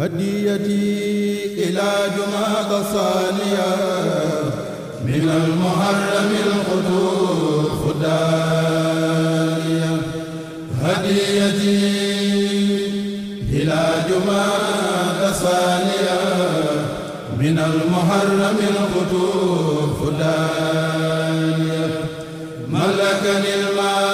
هديتي إلى جماد الثانية من المحرم الخطوف الدانية هديتي إلى جماد الثانية من المحرم الخطوف الدانية ملكني المال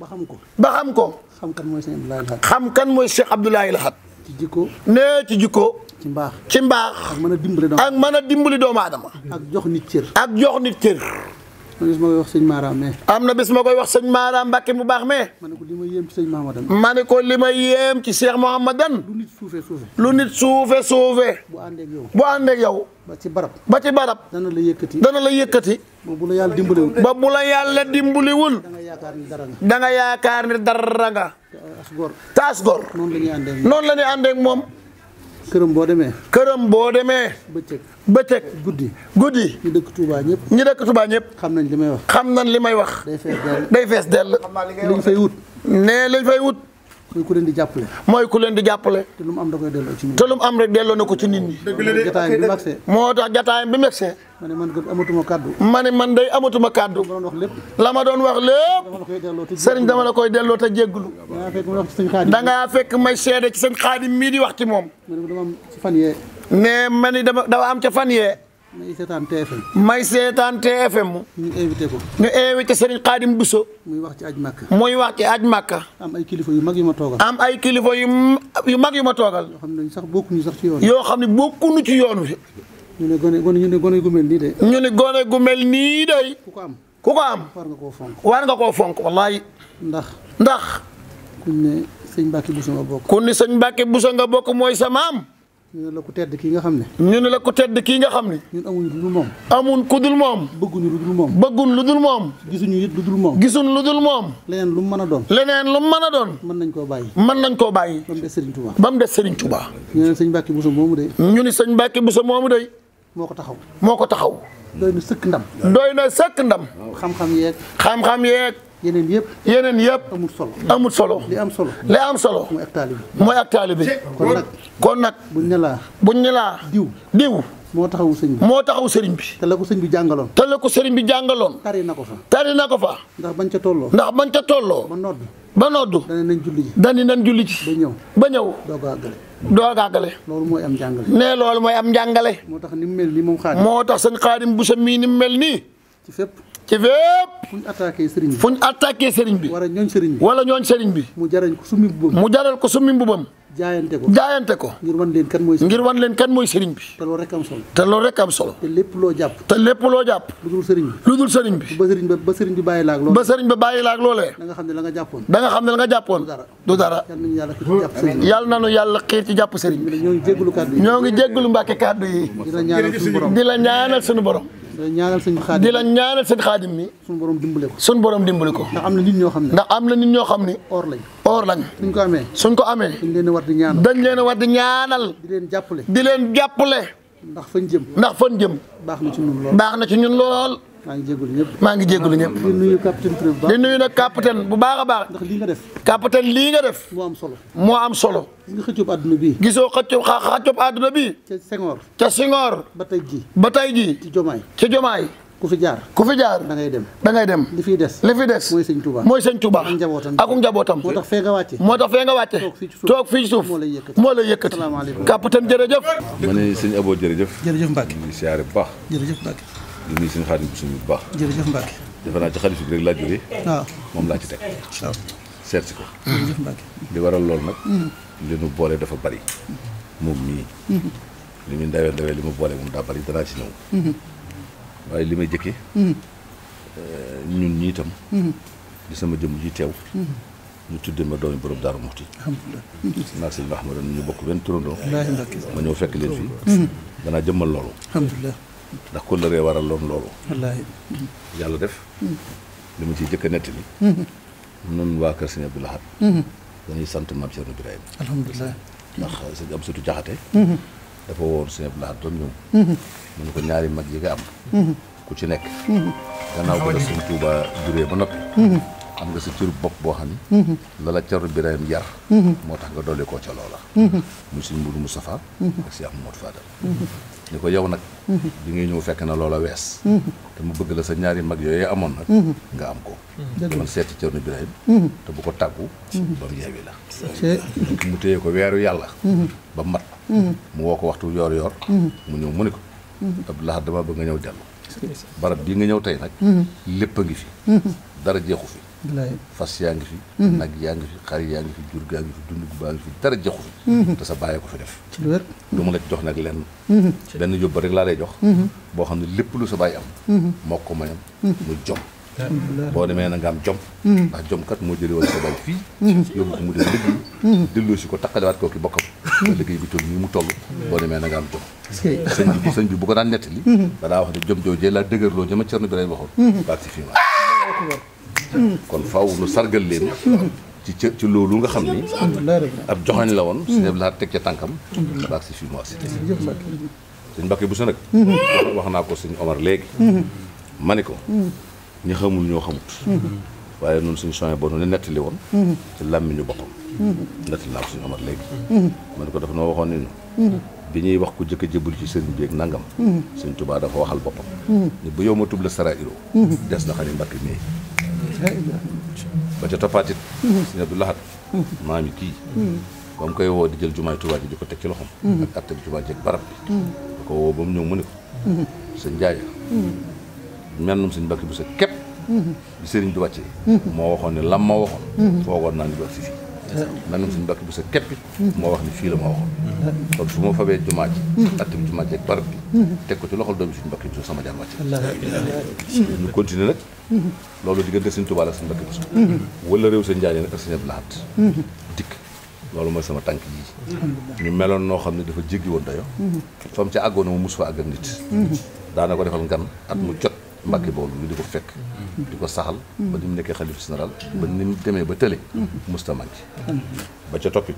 ba xam ko. ba xam ko. xam kan mooy Cheikh Abdoulaye Lahad. xam kan mooy Cheikh Abdoulaye Lahad. ci jikko. nee ci jikko. ci mbaax ci mbaax. ak mën a dimbali doomu ak mën dimbali doomu aadama. ak jox nit cër. ak jox nit cër. am na bis ma koy wax sëñ Maaraam mais. am na bis ma koy wax sëñ Maaraam Mbàkke mu baax mais. ma ne ko li ma yéem ci sëñ Mahamadan. ne ko li ma yéem ci Cheikh Mahamadan. lu nit suufee suufee. lu nit bu àndeek yow bu àndeeg yow. ba ci barab ba ci barab. dana la yëkkati dana la yëkkati. ba bu la yàlla dimbaliwul. ba bu la yàlla dimbaliwul. da yaakaar ni dara nga. da nga yaakaar ni dara nga. taas gor. taas gor. noonu la ñuy àndeeg moom. këram boo demee. këram boo demee. bëccëg bëccëg. guddi guddi. ñu dëkk Touba ñëpp. ñu dëkk Touba ñëpp. xam nañ li may wax. xam nañ li may wax. day fees dell. day fees dell. li ñu fay wut. nee li ñu fay wut. mooy ku leen di jàppale. mooy ku leen di jàppale. te lu mu am da koy delloo ci nit ñi. te lu mu am rek delloo na ko ci nit ñi. jataayam bi magsee. moo tax jataayam bi magsee. ma ne man de amatuma kàddu. ma ne man de amatuma kàddu. la ma doon wax lépp. sëriñ dama la koy delloo te jégglu. da ngaa fekk may seede ci sëñ xaadim mii di wax ci moom. ne ma ni dama dafa am ca fan yee. may seetaan TFM. may seetaan TFM. ñu invité ko. ñu invité Serigne Khadim buso muy wax ci aj Makka. muy wax ci aj Makka. am ay kilifa yu mag yu ma toogal. am ay kilifa yu yu mag yu ma toogal. yoo xam ne sax bokkuñu sax ci yoon yoo xam ne bokkuñu ci yoon wi. ñu ne gone gone ñu ne gone gu nii de. ñu ne gone gu nii de. ku ko am ku ko am. war nga koo fonk war nga koo fonk ndax ndax. kuñ ne sëñ Mbacke Bousso nga bokk. kuñ ne sëñ Mbacke Bousso nga bokk mooy sa maam. ñu ne la ku tedd kii nga xam ne. ñu ne la ku tedd kii nga xam ne. ñun moom. amuñ ku dul moom. bëgguñu lu dul moom. bëgguñ lu dul moom. gisuñu it lu dul moom. gisuñ lu dul moom. leneen lu mu a doon. leneen lu mu mën a doon. mën nañ koo ba mu des Serigne Touba. ba mu des Serigne Touba. ñu ne sëñ moomu de. ñu ne sëñ Mbacke Bousso moomu de. moo ko taxaw. moo ko taxaw. doy na sëkk ndam. doy na sëkk ndam. xam-xam yeeg. xam-xam yeeg. yeneen yëpp yeneen yëpp amul solo amul solo li am solo li am solo mooy ak taalibi mooy ak taalibi kon nag kon nag bu ne laa buñ ne laa diw diw moo taxawu sëriñ bi moo taxawu sëriñ bi te la ko sëriñ bi jàngaloon te ko sëriñ bi jàngaloon tari na ko fa tari na ko fa ndax bañ ca tolloo ndax bañ ca tolloo ba nodd ba nodd dani nañ julli ji dani nañ julli ji ba ñëw ba ñëw doog a àggale doog loolu mooy am njàngale ne loolu mooy am njàngale moo tax ni mu mel nii moom xaadim moo tax sëñ xaadim bu sa mii ni mu mel nii ci fépp ci fépp. fu ñu attaqué sëriñ bi fu ñu attaqué sëriñ bi. wala ñooñ sëriñ bi wala ñooñ sëriñ bi. mu jaral ko summi mbubam mu jaral ko jaayante ko jaayante ko. ngir wan leen kan mooy. ngir wan leen kan mooy sëriñ bi. te loolu rek am solo. te lépp loo jàpp. te lépp loo jàpp. lu dul sëriñ bi lu dul sëriñ bi. ba sëriñ ba ba bi bàyyi la ak loolee. bàyyi la ak loolee. da xam ne la nga jàppoon. da nga xam ne la nga jàppoon. du dara yal na nu yàlla xiir ci jàpp sëriñ bi. ñoo ngi jégalu kàddu yi ñoo ngi jégalu mbàkke kàddu yi. di la ñaanal suñu borom ñaanal sëñ xaadim di la ñaanal sëñ xaadim mi suñu borom dimbali ko suñu borom dimbali ko ndax am na nit ñoo xam ne ndax am na nit ñoo xam ne or lañ or lañ suñ ko amee suñ ko amee dañ leen a war di ñaanal dañ leen a war di ñaanal di leen jàppale di leen jàppale ndax fañ jëm ndax fañ jëm baax na ci ñun lool baax na ci ñun lool maa ngi jégalu ñëpp maa ngi jégalu ñëpp. di nuyu capitaine bu baax di nuyu nag capitaine bu baax a baax. ndax lii nga def. capitaine lii nga moo am solo moo am solo. gis nga xëccub àdduna bii. gisoo xëccub xa xëccub àdduna bii. ca Senghor. ca ba tey jii. ba tey jii. ci Jomaay ci ku fi jaar ku fi jaar da ngay dem da ngay li fi des li fi des mooy sëñ Touba mooy sëñ njabootam moo tax fee nga wàcce moo tax fee nga wàcce toog fii ci suuf moo lay yëkkati capitaine jërëjëf ma ne sëñ Abo jërëjëf jërëjëf di nuyu suñu xaadim bi bu baax. jërëjëf Mbacke. defe naa ci xaalis bi rek laa jógee. moom laa ci teg. waaw seet si ko. jërëjëf Mbacke. li waral loolu nag. Mm-hmm. li nu boole dafa bari. Mm-hmm. moom mii. Mm-hmm. li muy ndawee ndawee li ma boole moom daa bari danaa ci ñëw. waaye li may jëkke eh, ñun ñii tam di sama jëm ji teew. ñu tuddee ma doomi borom Daaru Muxti. alhamdulilah naag sëñ Mahamadou ñu bokk benn turandoo. ma ñëw fekk leen fii. danaa jëmmal loolu. ndax kóllëre a loon loolu yàlla def li mu ci jëkk a nettali nun waa kër sëñ Abdou Lahad dañuy sant maam Cerno Birahim alhamdulilah ndax sëñ am sutu jaxate dafa woon sëñ Abdou Lahad doon ñëw mu ne ko ñaari mag yi nga am ku ci nekk gannaaw ko la sëñ Tuuba juree ba noppi am nga sa cëru bopp boo xam ne la la Cerno Birahim yar moo tax nga dolli koo ca loola muy sëñ Mudu Moustapha ak Cheikh Mamadou Fadal ni ko yow nag mm-hmm. bi ngay ñëw fekk na loola wees mm-hmm. te mu bëgg la sa ñaari mag yooyu amoon nag mm-hmm. nga am ko man seeti Cerno Birahim te bu ko tàggu ba mu yeewi la mu téye ko weeru yàlla ba mat mu woo ko waxtu yor yor mu ñëw mu ni ko Abdoulaye dama bëgg nga ñëw dellu barab bii nga ñëw tey nag lépp a ngi fi dara jeexu fi fas yaa ngi fi mhm. nag yaa ngi fi xar yaa ngi fi jur gaa ngi fi dund baa ngi fi dara jaxu fi mhm. te sa bàyyee ko fi def du ma la jox nag lenn mhm. benn yóbba rek laa lay jox boo xam ne lépp lu sa bàyyi na nga am jom ndax jom kat moo jëlee woon sa bàyyi fii yóbbu ko mu dem liggéey delloo si ko takkalewaat koo ki bokkam nga liggéey bi toll nii mu toll boo demee na nga am jom sëñ bi bu ko daan nettali danaa wax ne jom joojee laa dëgërloo ña ma Cerno Birahim waxoon baat si fii ma kon faw nu sargal leen. ci ca ci loolu nga xam ni. ab joxañ la woon. Mm-hmm. suñu laa teg ca tànkam. baax suñ Mbàkke bu sa nag. Mm-hmm. wax naa ko suñ Omar léegi. Mm-hmm. ma ni ko. ñi xamul ñoo xamut. waaye noonu suñu soin boo ne nettali woon. ci làmmiñu boppam. nettali naa ko suñu Omar léegi. ma ko dafa noo waxoon ni bi ñuy wax ku jëkk a ci sëriñ bi ak nangam. suñ Tuubaa dafa waxal boppam. ni bu yow ma tub la sarairo. des na xam ne Mbàkke mii. ba ca toppaatit sëñ Abdou Lahad maam yi kii ba mu koy woo di jël jumaay Tuubaa ji di ko teg ci loxom ak atta bi ji ak ko woo ba mu ñëw mu ne ko sëñ Jaaja mennum sëñ Mbàkke bu sa képp bi sëriñ di wàccee moo waxoon ne lam ma waxoon foogoon naa ni ba si fii nanum suñu mbakki bu sa képp moo wax ni fii la moo waxoon kon su ma fabee jumaa ji attam jumaa ji ak barab bi teg ko ci loxol doomi suñu mbakki bu sa sama jaan wàcc ñu continuer nag loolu diggante suñu Tuubaa ak suñu mbakki bu sa wala réew sa njaay nag ak suñu laxat dikk loolu mooy sama tànk yi ñu meloon noo xam ne dafa jéggi woon dayo fam ca àggoon na mu mus fa àgg nit daana ko defal ngan at mu jot Mbàkke boolu lu di ko fekk di ko saxal ba ni mu nekkee xalif général ba ni mu demee ba tële mustaman ci ba ca toppit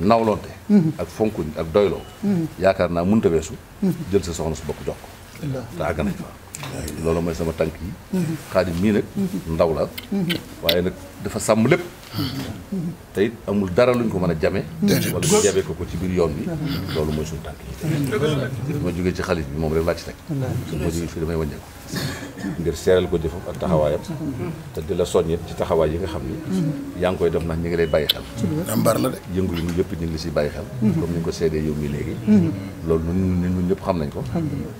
nawlonte ak fonkuñ ak doyloo yaakaar naa mënta weesu jël sa soxna su bokk jox ko te àgg nañ loolu mooy sama tànk yi xaadim mii nag ndaw la waaye nag dafa sàmm lépp te amul dara luñ ko mën a jame wala ñu jabee ko ko ci biir yoon bi loolu mooy suñu tànk yi ma jógee ci xalis bi moom rek laa ci teg su ma jógee fii damay wàññeeku ngir seeral ko jëfam ak taxawaayam te di la soññit ci taxawaay yi nga xam ni yaa ngi koy def ndax ñu ngi lay bàyyi xel jàmbaar la de yëngu ñu yëpp ñu ngi si bàyyi xel comme ni ñu ko seedee yow mi léegi loolu nun ni ñun ñëpp xam nañ ko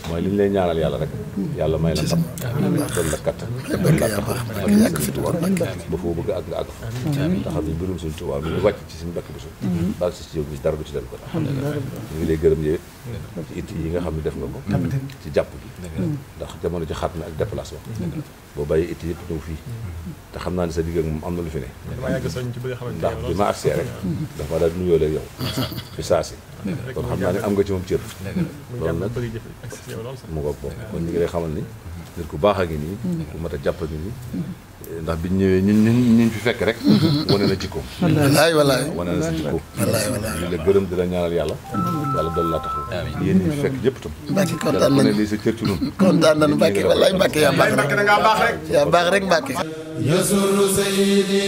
mooy li ñu lay ñaanal yàlla rek yàlla may la ndam doon la katt la taxaw ak yàgg fi tubaab ba foo bëgg ak nga àgg fa te xam ne mbirum suñu tubaab mi ñu wàcc ci suñu bakk bi suñ baax si si yow mi dara du ci dem ko ñu ngi lay gërëm yow ci it yi nga xam ne def nga ko ci jàpp gi ndax jamono ci xat na ak déplacement boo bàyyi it yëpp ñëw fii te xam naa ne sa digg ak moom am na lu fi ne ndax bi ma agsee rek dafa daal nuyoo léegi yow fi saasi kon xam naa ne am nga ci moom cër loolu nag mu ngoog boobu kon ñu ngi lay xamal ni nit ku baax a ngi nii ku mat a jàpp a ngi nii ndax biñ ñëwee ñun ñun ñu fi fekk rek. Mhm. wane na jikko. wallaay wallaay wane na sa jikko. wallaay la gërëm di la ñaanal yàlla. yàlla doon laa taxaw. amiin yéen ñi fekk yëpp itam. Mbacke kontaan nañu lii sa cër ci ñun. kontaan nañu Mbacke wallaay Mbacke yaa baax rek baax rek. yaa baax rek Mbacke. yasuru sayidi.